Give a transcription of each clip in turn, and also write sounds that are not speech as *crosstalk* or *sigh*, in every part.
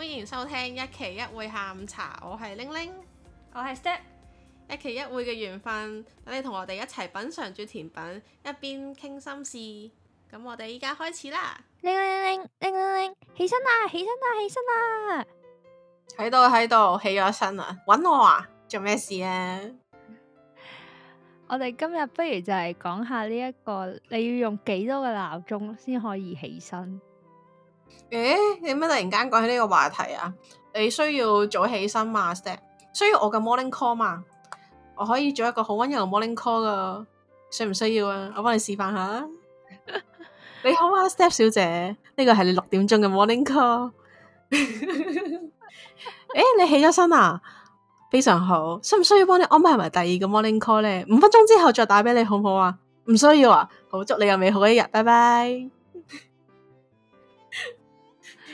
歡迎收聽一期一會下午茶，我係玲玲，我係 Step，一期一會嘅緣分，等你同我哋一齊品嘗住甜品，一邊傾心事。咁我哋依家開始啦，鈴鈴鈴鈴鈴鈴，起身啦，起身啦，起身啦，喺度喺度，起咗身啦，搵我啊，做咩事啊？我哋今日不如就係講下呢一個，你要用幾多個鬧鐘先可以起身？誒，你乜、欸、突然間講起呢個話題啊？你需要早起身嘛，Step？需要我嘅 morning call 嘛？我可以做一個好溫柔嘅 morning call 噶，需唔需要啊？我幫你示範下。 *laughs* 你好啊，Step 小姐，呢個係你六點鐘嘅 morning call。誒、 *laughs* *laughs* 欸，你起咗身啊？非常好，需唔需要幫你安排埋第二個 morning call 咧？五分鐘之後再打畀你，好唔好啊？唔需要啊，好，祝你有美好嘅一日，拜拜。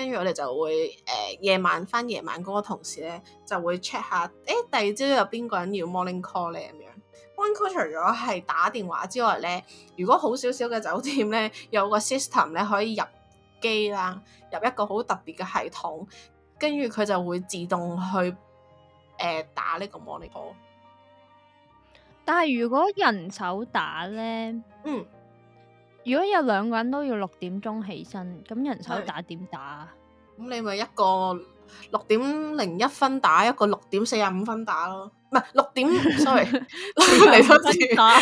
跟住我哋就會誒夜、呃、晚翻夜晚嗰個同事咧，就會 check 下，誒第二朝有邊個人要 morning call 咧咁樣。morning call 除咗係打電話之外咧，如果好少少嘅酒店咧，有個 system 咧可以入機啦，入一個好特別嘅系統，跟住佢就會自動去誒、呃、打呢個 morning call。但係如果人手打咧，嗯。如果有兩個人都要六點鐘起身，咁人手打點打啊？咁你咪一個六點零一分打，一個六點四啊五分打咯。唔係六點，sorry，六點零一分打。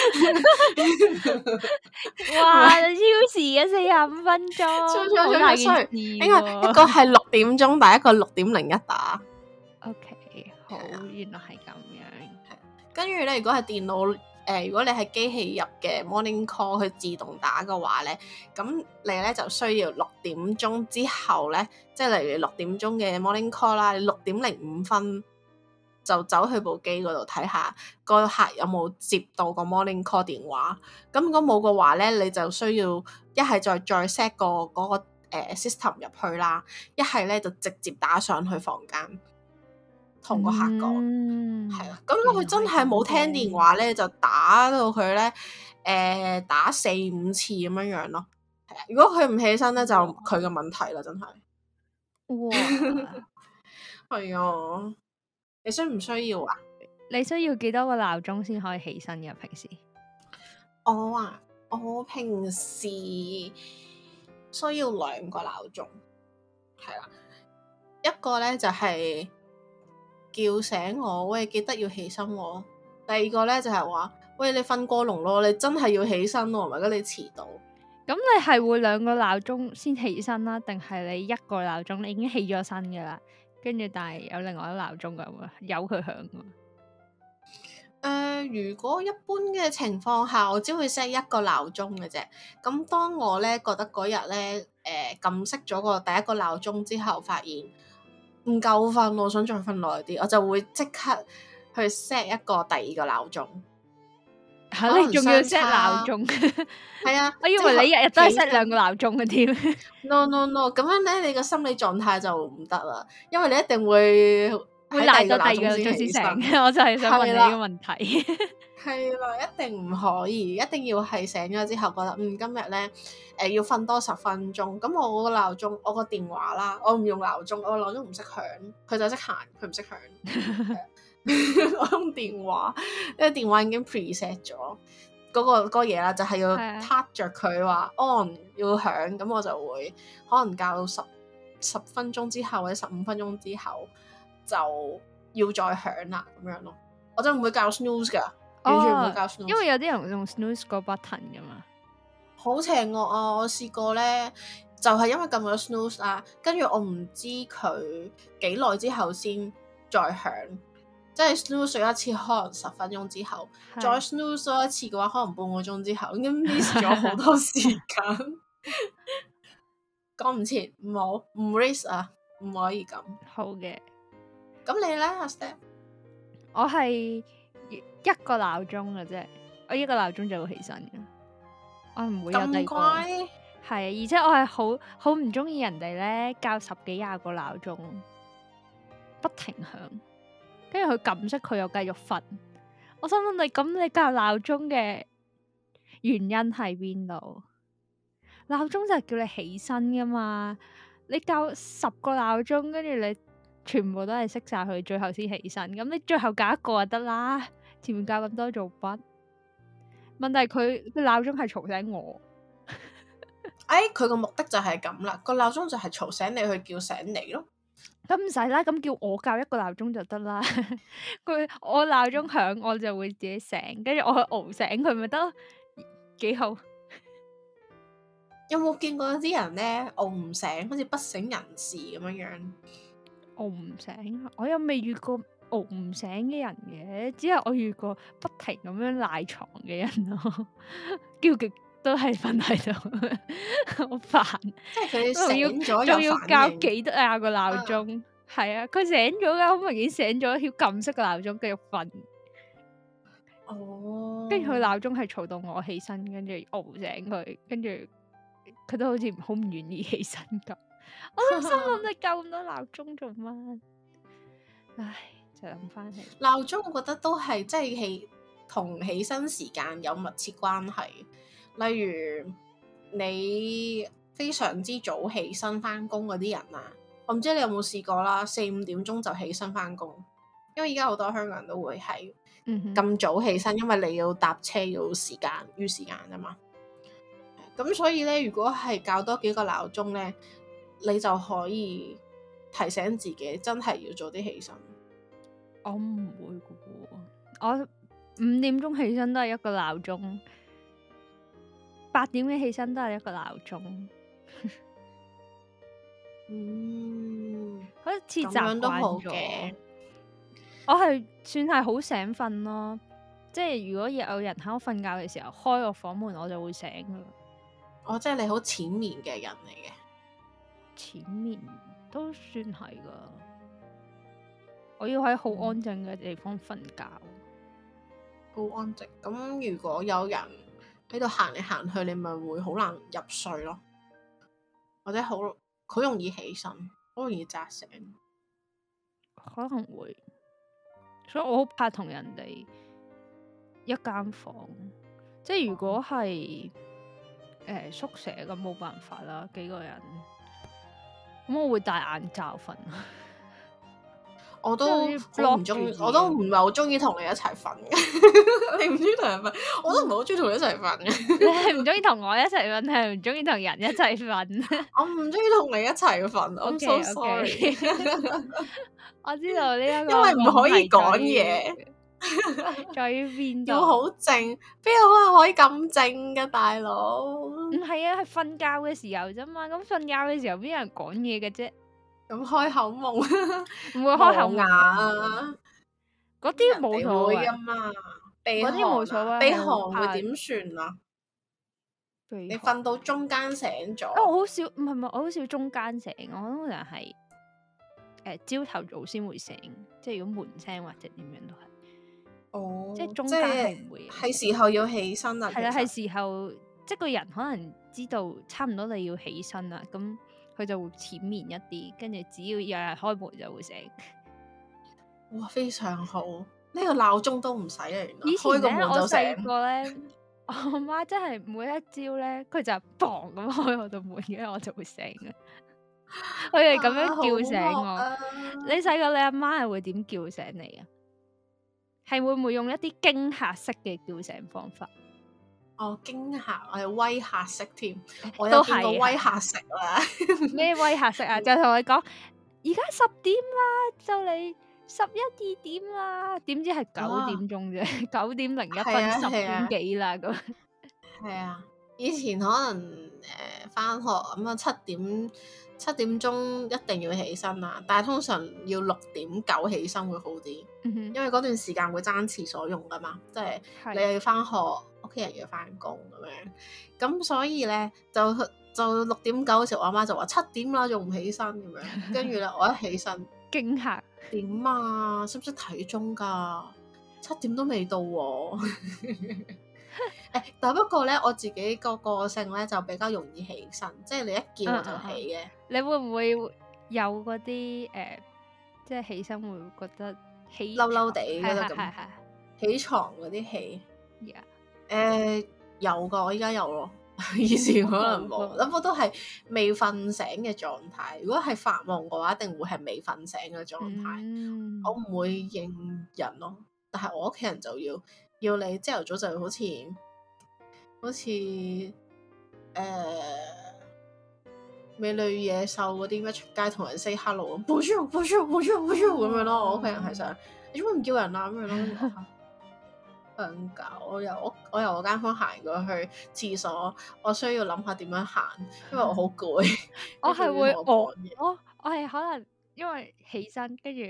哇！超時嘅四啊五分鐘，超超超超衰。因為一個係六點鐘打，一個六點零一打。OK，好，原來係咁樣。係，跟住咧，如果係電腦。誒，如果你係機器入嘅 morning call，去自動打嘅話咧，咁你咧就需要六點、點鐘之後咧，即係例如六點鐘嘅 morning call 啦，你六點零五分就走去部機嗰度睇下個客有冇接到個 morning call 電話。咁如果冇嘅話咧，你就需要一係再再 set 個嗰、嗰個、呃、system 入去啦，一係咧就直接打上去房間。同個客講，係啦、嗯。咁佢真係冇聽電話咧，哎、呦就打到佢咧。誒、呃，打四五次咁樣樣咯。如果佢唔起身咧，就佢嘅問題啦，真係。哇！係啊， *laughs* 你需唔需要啊？你需要幾多個鬧鐘先可以起身嘅？平時我啊，我平時需要兩個鬧鐘，係啦，一個咧就係、是。叫醒我，喂，記得要起身喎。第二個咧就係話，喂，你瞓過籠咯，你真係要起身咯，唔係咁你遲到。咁、嗯、你係會兩個鬧鐘先起身啦，定係你一個鬧鐘，你已經起咗身噶啦，跟住但係有另外一個鬧鐘噶，會由佢響。誒、呃，如果一般嘅情況下，我只會 set 一個鬧鐘嘅啫。咁當我咧覺得嗰日咧，誒、呃，撳熄咗個第一個鬧鐘之後，發現。唔夠瞓，我想再瞓耐啲，我就會即刻去 set 一個第二個鬧鐘。你仲要 set 鬧鐘？係啊！我以為你日日都係 set 兩個鬧鐘嘅添。No no no，咁樣咧，你個心理狀態就唔得啦，因為你一定會。會賴咗鬧鐘先醒，睡 *laughs* 我就係想問你呢個問題的。係啦， *laughs* 一定唔可以，一定要係醒咗之後覺得，嗯，今日咧，誒、呃，要瞓多十分鐘。咁我個鬧鐘，我個電話啦，我唔用鬧鐘，我個鬧鐘唔識響，佢就識行，佢唔識響。我用 *laughs* *laughs* *laughs* 電話，因為電話已經 preset 咗嗰、嗰個嘢、嗰個、啦，就係、是、要 touch 著佢話 on 要響，咁我就會可能教到十十分鐘之後或者十五分鐘之後。就要再響啦，咁樣咯，我真係唔會教 Snooze 噶，哦、完全唔會教 Snooze 因為有啲人用 Snooze 個 button 噶嘛，好邪惡啊！我試過咧，就係、是、因為撳咗 Snooze 啊，跟住我唔知佢幾耐之後先再響，即係 Snooze 一次可能十分鐘之後， 的 再 Snooze 多一次嘅話，可能半個鐘之後，咁 miss 咗好多時間，講唔切，唔好，唔 risk 啊，唔可以咁，好嘅。咁你咧，阿 Step，我係一個鬧鐘嘅啫，我一個鬧鐘就會起身嘅，我唔會有第二個。係，而且我係好好唔中意人哋咧，較十幾廿個鬧鐘，不停響，跟住佢撳熄，佢又繼續瞓。我想問你，咁你較鬧鐘嘅原因喺邊度？鬧鐘就係叫你起身噶嘛，你較十個鬧鐘，跟住你。全部都係熄晒佢，最後先起身。咁你最後較一個就得啦，前面較咁多做乜？問題佢個鬧鐘係嘈醒我。哎，佢個目的就係咁啦，個鬧鐘就係嘈醒你去叫醒你咯。咁唔使啦，咁叫我較一個鬧鐘就得啦。佢我鬧鐘響，我就會自己醒，跟住我去嗌醒佢咪得？幾好？有冇見過有啲人咧，嗌唔醒，好似不省人事咁樣樣？熬唔醒，我又未遇過熬唔醒嘅人嘅，只係我遇過不停咁樣賴床嘅人咯，叫 *laughs* 極都係瞓喺度， *laughs* 好煩煩。即係佢醒咗仲要交幾多啊個鬧鐘？係啊，佢、啊、醒咗啦，好明顯醒咗，要撳熄個鬧鐘，繼續瞓。哦。跟住佢鬧鐘係嘈到我起身，跟住熬醒佢，跟住佢都好似好唔願意起身咁。 *laughs* 我心諗，你較咁多鬧鐘做乜？唉，就諗返起鬧鐘，鬧鐘我覺得都係即係起同起身時間有密切關係。例如你非常之早起身返工嗰啲人啊，我唔知你有冇試過啦，四五點鐘就起身返工，因為而家好多香港人都會係咁早起身，因為你要搭車要時間，預時間啊嘛。咁所以咧，如果係較多幾個鬧鐘咧。你就可以提醒自己，真係要早啲起身。我唔會噶喎，我五點鐘起身都係一個鬧鐘，八點鐘起身都係一個鬧鐘。 *laughs* 嗯，好似習慣都好嘅。我係算係好醒瞓咯，即係如果有人喺我瞓覺嘅時候開個房門，我就會醒噶啦。哦，即係你好淺眠嘅人嚟嘅。前面都算係㗎，我要喺好安靜嘅地方瞓覺，好、嗯、安靜。咁如果有人喺度行嚟行去，你咪會好難入睡咯，或者好好容易起身，好容易扎醒，可能會。所以我好怕同人哋一間房，即係如果係、呃、宿舍咁冇辦法啦，幾個人。咁我會戴眼罩瞓。 *laughs* 我都唔中，我都唔係好中意同你一齊瞓嘅。 *laughs* 你唔中意同人瞓。 *laughs* 我都唔係好中意同你一齊瞓嘅。你係唔中意同我一齊瞓，係唔中意同人一齊瞓。我唔中意同你一齊瞓。我 so sorry。okay. *laughs* 我知道呢一、這個， *laughs* 因為唔可以講嘢。 *laughs* 在於邊度好靜，邊個 *laughs* *laughs* 可能可，可以咁靜嘅大佬？唔係啊，係瞓、嗯、覺嘅時候啫嘛。咁瞓覺嘅時候邊有人講嘢嘅啫？咁開口夢，唔會開口牙啊？嗰啲冇錯啊嘛，鼻鼾冇錯啊，鼻鼾會點算啊？寒寒你瞓到中間醒咗、哦，我好少唔係唔係，我好少中間醒，我通常係誒朝頭早先會醒，即係如果門聲或者點樣都係。哦，oh, 即係是中間係唔會係時候要起身啦，啊，係啦實，係時候即係、就是、個人可能知道差唔多你要起身啦，咁佢就會淺眠一啲，跟住，只要有人開門就會醒。哇，非常好，呢、這個鬧鐘都唔使啊！ *laughs* 以前咧我細個咧，我媽真係每一朝咧，佢就 b a n 咁開我度門嘅，我就會醒。佢係咁樣叫醒我。啊好好啊，你細個你阿媽係會點叫醒你啊？係會唔會用一啲驚嚇式嘅叫醒方法？哦，驚嚇，我係威嚇式添，有都啊、我有見過威嚇式啦。咩威嚇式啊？ *laughs* 就同你講，而家十點啦，就嚟十一二點啦，知點知係九點鐘啫、啊，九點零一分十點幾啦咁。係啊，啊， *laughs* 啊，以前可能誒翻、呃、學咁啊七點。七點鐘一定要起身啦，但係通常要六點九起身會好啲，嗯、哼因為嗰段時間會爭廁所用噶嘛，即係你又要返學，屋企的人又要返工咁樣，咁所以咧就就六點九嘅時候，我阿媽就話七點啦，仲唔起身咁樣，跟住咧我一起身驚嚇，點啊？識唔識睇鐘噶？七點都未到喎、哦。 *laughs* 誒、 *laughs* 哎，但不過咧，我自己個個性咧就比較容易起身，即係你一叫我就起嘅、嗯嗯嗯。你會唔會有嗰啲誒，即係起身會覺得起嬲嬲地嘅啦？咁，嗯嗯、起床嗰啲起。誒、嗯呃，有噶，我依家有咯， *laughs* 以前可能冇。咁、嗯、我都係未瞓醒嘅狀態。如果係發夢嘅話，一定會係未瞓醒嘅狀態。嗯、我唔會應人咯，但係我屋企人就要。要你朝頭早就好似好似誒、呃，美女野獸嗰啲咩出街同人 say hello，Bonjour *laughs* Bonjour，Bonjour 咁樣咯。我屋企人係想，你點解唔叫人啊咁樣咯？瞓覺又我、 *laughs* 嗯、我，我，我由我間房行過去廁所，我需要諗下點樣行，因為我好攰。 *laughs* *laughs* 我係會著我我係可能因為起身，跟住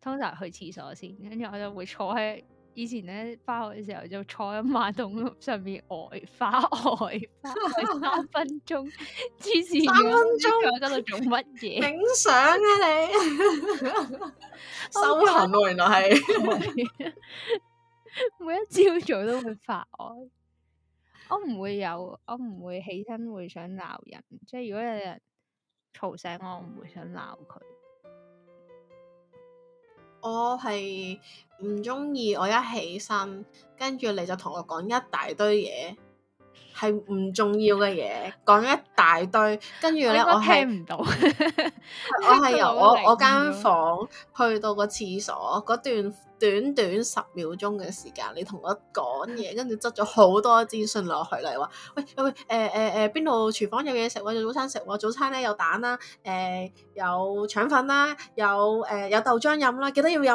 通常去廁所先，跟住我就會坐喺。以前咧，翻學嘅時候就坐喺馬桶上面呆花呆，花呆，花呆三分鐘，痴線，三分鐘我喺度做乜嘢？影相啊你，修行咯，原來係。 *laughs* 是 *laughs* 每一朝早都會發呆，我唔會有，我唔會起身會想鬧人，即係如果有人嘈醒我，我唔會想鬧佢。我係唔中意我一起身，跟住你就同我講一大堆嘢，係唔重要嘅嘢，講一大堆，跟住咧我聽唔到，我係由我我，我，我間房去到個廁所嗰段。短短十秒鐘嘅時間，你同我講嘢，跟住執咗好多資訊落去，例如話，喂喂，誒誒誒，邊度廚房有嘢食？揾早餐食，早餐咧有蛋啦、啊，誒有腸粉啦，有誒、啊有、呃、有豆漿飲啦，記得要飲。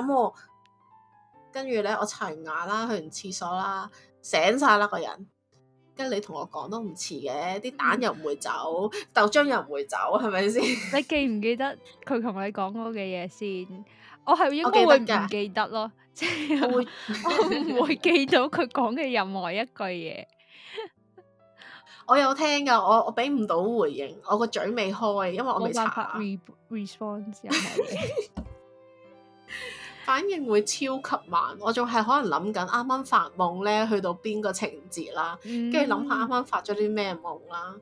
跟住咧，我刷完牙啦，去完廁所啦，醒晒啦個人，跟住你同我講都唔遲嘅，啲蛋又唔會走，嗯、豆漿又唔會走，係咪先？你記唔記得佢同你講嗰嘅嘢先？會 *laughs* 我係應該會唔記得咯，即係我唔會記到佢講嘅任何一句嘢。 *laughs* 我有聽噶，我我俾唔到回應，我個嘴未開，因為我未查。r re response *laughs* *laughs* 反應會超級慢，我仲係可能諗緊啱啱發夢咧，去到邊個情節啦，跟住諗下啱啱發咗啲咩夢啦。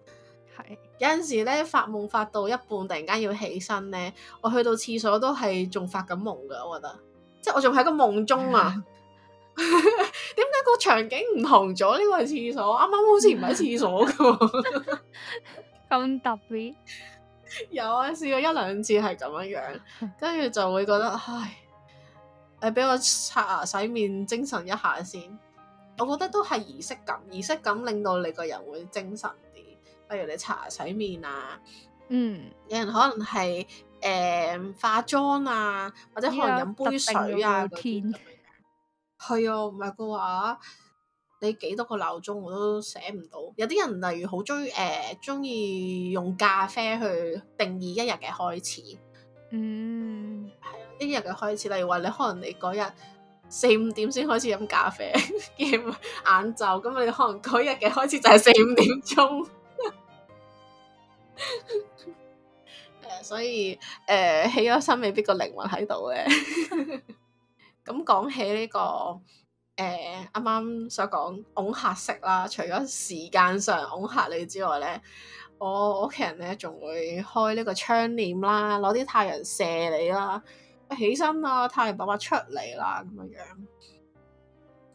有陣時咧，發夢發到一半，突然間要起身咧，我去到廁所都係仲發緊夢噶，我覺得，即係我仲喺個夢中啊。點解 *laughs* *laughs* 個場景唔同咗？呢個係廁所，啱啱好似唔係廁所噶。咁 *laughs* *laughs* 特別 *laughs* 有啊，試過一兩次係咁樣樣，跟住就會覺得唉，誒，俾我刷牙、洗面、精神一下先。我覺得都係儀式感，儀式感令到你個人會精神。例如你搽洗面啊，嗯，有人可能係誒、呃、化妝啊，或者可能飲杯水啊嗰啲。係啊，唔係嘅話，你幾多個鬧鐘我都寫唔到。有啲人例如好中意誒，中、呃、意用咖啡去定義一日嘅開始。嗯，係啊，一日嘅開始，例如話你可能你嗰日四五點先開始飲咖啡，嘅晏晝，咁你可能嗰日嘅開始就係四五點鐘。 *laughs* 誒、 *laughs* 呃，所以誒、呃，起咗身未必靈、 *laughs* 嗯這個靈魂喺度嘅。咁講起呢個誒，啱啱所講恐吓式啦，除咗時間上恐吓你之外咧，我屋企人咧仲會開呢個窗簾啦，攞啲太陽射你啦，起身啦，太陽爸爸出嚟啦，咁樣樣。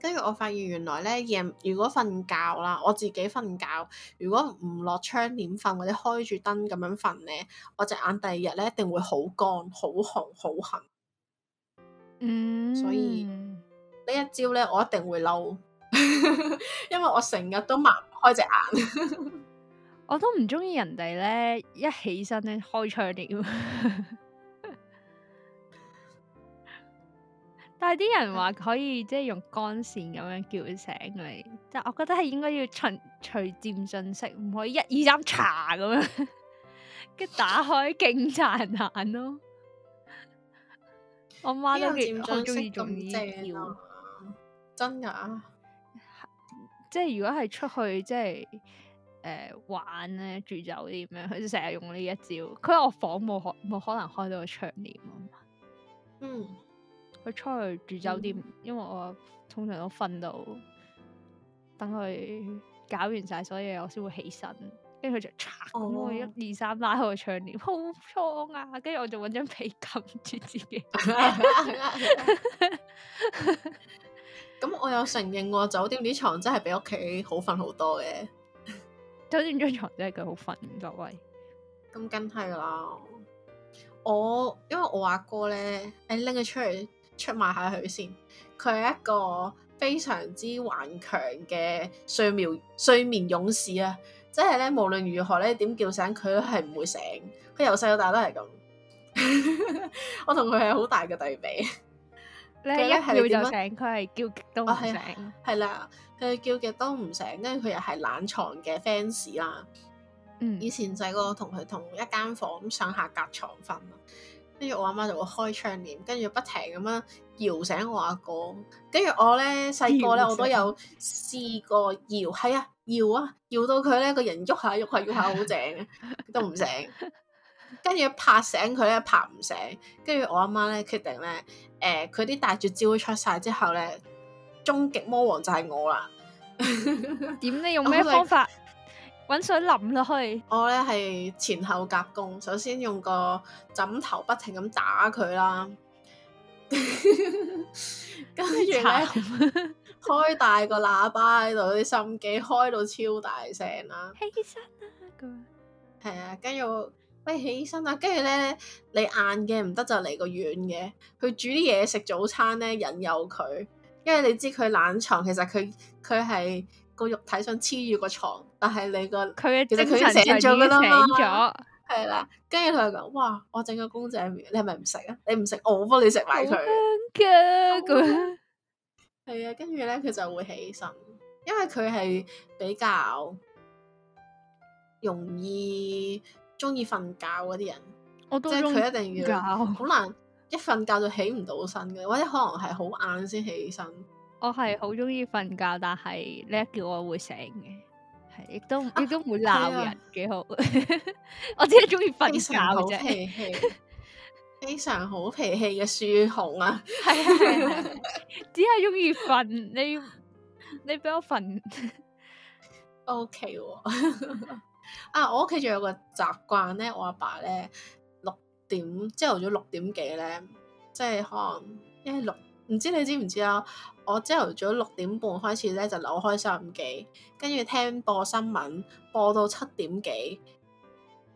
跟住我發現原來咧夜如果瞓覺啦，我自己瞓覺如果唔落窗簾瞓或者開住燈咁樣瞓咧，我隻眼第二日咧一定會好乾、好紅、好痕。嗯，所以呢一朝咧，我一定會嬲， *laughs* 因為我成日都擘開隻眼， *laughs* 我都唔中意人哋咧一起身咧開窗簾。 *laughs* 但係啲人話可以即係用光線咁樣叫醒佢，但我覺得係應該要循循漸進式，唔可以一、二三查咁樣，跟 *laughs* 住打開勁燦眼咯。 *laughs* 哦、 *laughs* 我媽都好中意用呢招，真噶？ *laughs* 即係如果係出去即係誒玩咧，住酒店咧，佢成日用呢一招。佢話我房冇可冇可能開到個窗簾啊嘛。嗯。佢出去住酒店，嗯、因為我通常都瞓到，等佢搞完晒，所以我先會起身。跟住佢就嚓咁，我、哦、一二三拉開窗簾，好倉啊！跟住我就搵張被冚住自己。咁、 *laughs* *laughs* 嗯、 *laughs* 我有承認喎，酒店啲床真係比屋企好瞓好多嘅。 *laughs* 酒店張床真係佢好瞓，各位。咁梗係啦，我因為我阿哥咧，誒拎佢出嚟出賣下佢先，佢係一個非常之頑強嘅睡眠睡眠勇士啊！即係咧，無論如何咧，點叫醒佢都係唔會醒，佢由細到大都係咁。 *laughs* 我同佢係好大嘅對比。你一叫就醒，佢係叫極都唔醒。係啦，佢叫極都唔醒，跟住佢又係懶牀嘅 fans 啦。啊啊啊，粉絲啊、嗯，以前就係細個同佢同一間房上下隔床瞓。跟住我阿媽就會開窗簾，跟住不停咁樣搖醒我阿哥，哥。跟住我咧細個咧，我都有試過搖，係啊搖啊，搖、啊、到佢咧個人喐下喐下喐下好正嘅、啊，都唔醒。跟住拍醒佢咧拍唔醒。跟住我阿媽咧決定咧，誒佢啲大絕招會出晒之後咧，終極魔王就係我啦。點 *laughs* 咧用咩方法？ *laughs* 滾水淋落去，我咧係前後夾攻，首先用個枕頭不停咁打佢啦，跟住咧 *laughs* 開大個喇叭喺度啲心機開到超大聲啦，起身啦咁，係啊，跟住、 *laughs* 嗯、喂，起身啦，跟住咧你硬嘅唔得就嚟個軟嘅，佢煮啲嘢食早餐咧引誘佢，因為你知佢懶床，其實佢佢係個肉體上黐住個床。但係你個佢嘅精神就醒咗，係啦。跟住佢就講，哇！哇我整個公仔麵，你係咪唔食啊？你唔食，我幫你食埋佢。好香咁。係啊，跟住咧，佢就會起身，因為佢係比較容易中意瞓覺嗰啲人。我都佢一定要好難 *laughs* 一瞓覺就起唔到身嘅，或者可能係好晏先起身。我係好中意瞓覺，但係咧一叫我會醒嘅。亦都亦都唔會鬧人，幾、啊啊、多好。 *laughs* 我只係中意瞓覺啫。非常好脾氣，非常好脾氣嘅樹熊啊，係 *laughs* 係只係中意瞓。你你俾我瞓，O K。 *laughs* Okay 哦、 *laughs* 啊，我屋企仲有個習慣咧，我阿爸咧六點朝頭早六點幾咧，即係可能一六。唔知你知唔知啊？我朝頭早六點半開始咧，就扭開收音機，跟住聽播新聞，播到七點幾，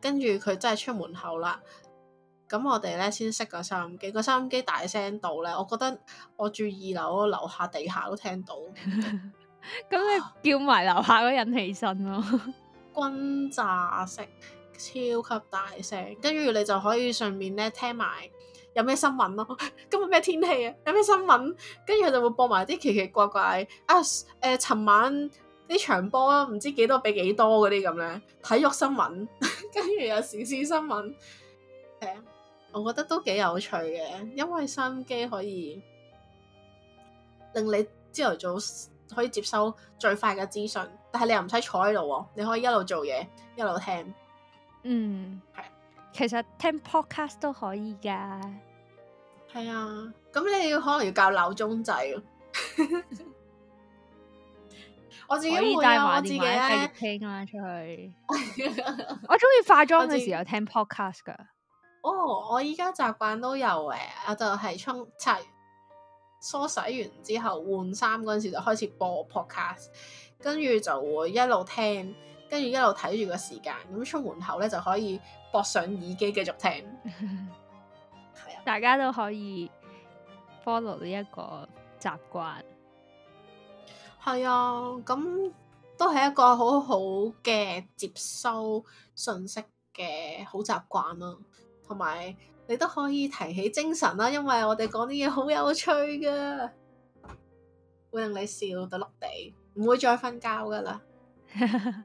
跟住佢真係出門口啦。咁我哋咧先熄個收音機，個收音機大聲到咧，我覺得我住二樓，樓下、地下都聽到。咁你、 *laughs* 嗯嗯、叫埋樓下嗰人起身咯，轟 *laughs* 炸式超級大聲，跟住你就可以順便咧聽埋。有咩新聞咯？今日咩天氣啊？有咩新聞？跟住佢就會播埋啲奇奇怪怪，怪啊！誒、呃，尋晚啲場波唔知幾多比幾多嗰啲咁咧？體育新聞，跟住有時事新聞。我覺得都幾有趣嘅，因為收音機可以令你朝頭早可以接收最快嘅資訊，但係你又唔使坐喺度喎，你可以一路做嘢一路聽。嗯。其實聽 podcast 都可以噶係啊，咁你可能要教鬧鐘仔咯。。 *laughs* *laughs* 我自己帶我自己嘅耳聽啦出去。 *laughs* 我中意化妝嘅時候聽 podcast 噶。哦 *laughs* ，oh, 我依家習慣都有誒，我就係沖擦梳洗完之後換衫嗰陣時就開始播 podcast，跟住就會一路聽。跟住一路睇住個時間，咁出門口咧就可以駁上耳機繼續聽， *laughs* 啊、大家都可以 follow 呢一個習慣，係啊， *laughs* 咁、 *laughs* 嗯、都係一個好好嘅接收信息嘅好習慣咯、啊，同埋你都可以提起精神啦、啊，因為我哋講啲嘢好有趣㗎，會令你笑到碌地，唔會再瞓覺噶啦。 *laughs*